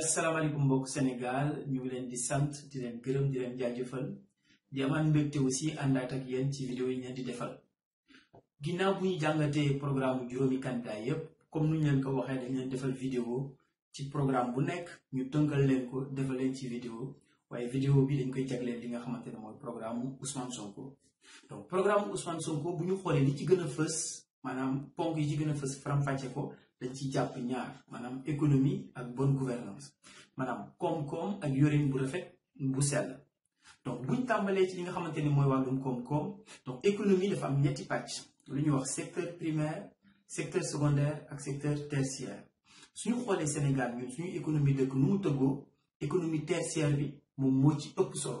asalaamaaleykum mbokk senegal ñu ngi leen di sant di leen gërëm di leen jaajëfal di amaan mbégte aussi àndaat ak yéen ci vidéo yi ngeen di defal ginnaaw bu ñu jàngatee programme juróomi candidat yépp comme nuñ leen ko waxee dañ leen defal vidéo ci programme bu nekk ñu tënkal leen ko defal leen ci vidéo waaye vidéo bi dañ koy jagleel li nga xamante ne mooy programme Ousmane Sonko donc programme Ousmane Sonko bu ñu xoolee li ci gën a fës manam ponk yi ci gëna a fës faram-fàcce ko dañ ci japp ñaar manam économie ak bonne gouvernance manam kom kom ak yorin bu rafet bu sel donc buñ tambalé ci li nga xamanteni moy mooy kom kom donc économie dafa am ñetti patch lu ñu wax secteur primaire secteur secondaire ak secteur tertiaire suñu xoolee Sénégal ñun suñu économie dëkk nu mu tëggoo économie tertiaire bi moti, moo ci ëpp solo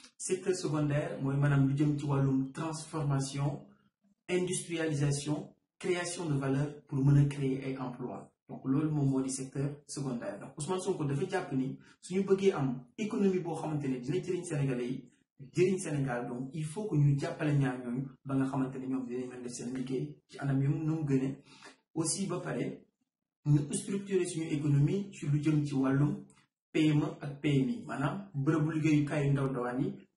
secteur secondaire mooy madame lu jëm ci transformation industrialisation création de valeur pour mën créer ay emploi donc loolu moom moo secteur secondaire donc Ousmane Sonko dafa jàpp ni suñu bëggee am économie boo xamante ne dina jëriñ Sénégalais yi jëriñ Sénégal donc il faut que ñu jàppale ñaar ñooñu ba nga xamante ne ñoom dinañ mën def seen liggéey ci anam yu nu aussi il aussi ba nous ñu structurer suñu économie ci lu jëm ci wàllum PME et PMI maanaam bërëbu liggéeyukaayu ndaw ndawaan yi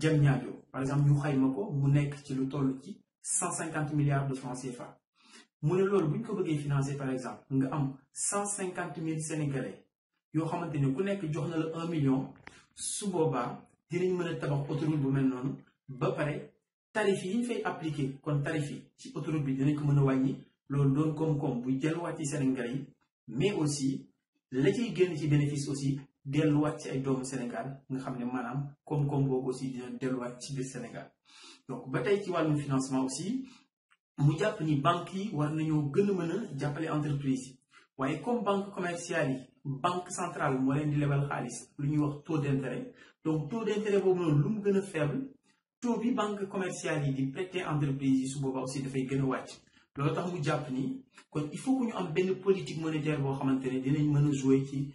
jëm ñaajo par exemple ñu xayma ko mu nekk ci lu toll ci cent milliards de francs CFA mu ne loolu bu ko bëggee financer par exemple nga am cent sénégalais yoo xamante ne ku nekk jox na la un million su boobaa dinañ mën a tabax autoroute bu mel noonu ba pare tarif yi ñu fay appliquer kon tarif yi ci autoroute bi dinañ ko mëna a wàññi loolu doon koom-koom bu jël wati ci sénégalais yi mais aussi la ciy génn ci bénéfice aussi delluwaat ci ay doomu Sénégal nga xamné manam maanaam koom-koom aussi dina delluwaat ci biir Sénégal donc batay ci walu financement aussi mu japp ni banques yi war nañu gën mëna jappalé entreprise waye comme banque commerciale yi banque centrale mo leen di lebal xaliss lu ñuy wax taux d'intérêt donc taux d'intérêt bobu boobu lu mu faible taux bi banque commerciale yi di prêter entreprise yi su boobaa aussi da fay gëna wacc loolu tax mu japp ni kon il faut que ñu am benn politique monétaire bo xamante dinañ mëna jouer ci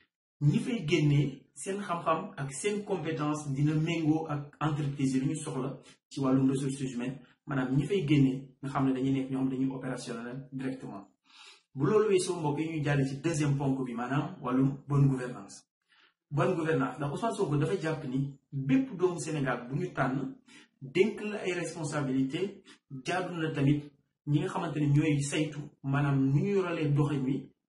ñi fay génnee seen xam-xam ak seen compétence dina méngoo ak entreprise yi ñu soxla ci wàllum ressources humaines maanaam ñi fay génnee nga xam ne dañuy nekk ñoo dañuy opérationnel directement bu loolu weesoo mbokk yi ñu jàll ci deuxième ponk bi maanaam wàllum bonne gouvernance bonne gouvernance ndax Ousmane Sonko dafa jàpp ni bépp doomu Sénégal bu ñu tànn dénk la ay responsabilité jaadu na tamit ñi nga xamante ne ñooy saytu maanaam nu ñu yoralee doxin wi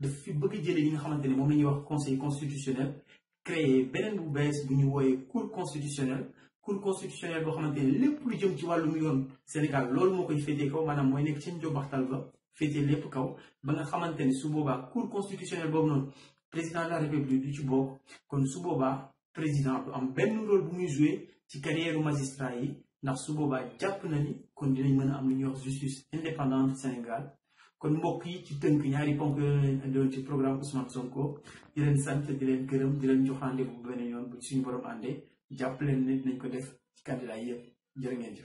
de fi bëgg a jëlee li nga xamante ne moom la ñuy wax conseil constitutionnel créé beneen bu bees bu ñu wooyee cour constitutionnel cour constitutionnel boo xamante ne lépp lu jëm ci wàllum yoon Sénégal loolu moo koy féetee kaw maanaam mooy nekk ci baxtal ba féetee lépp kaw ba nga xamante ne su boobaa cour constitutionnel boobu noonu président de la république du ci bokk kon su boobaa président du am benn rôle bu muy joué ci carrière magistrat yi ndax su boobaa jàpp na ni kon dinañ mën a am lu ñuy wax justice indépendante Sénégal kon mbokk yi ci tënk ñaari ponk yooyu lañ andiwoon ci programme Ousmane Sonko di leen sant di leen gërëm di leen jox rendez-vous bu beneen yoon bu suñu borom àndee jàpp leen ne dinañ ko def ci candidat yëpp jërë ngeen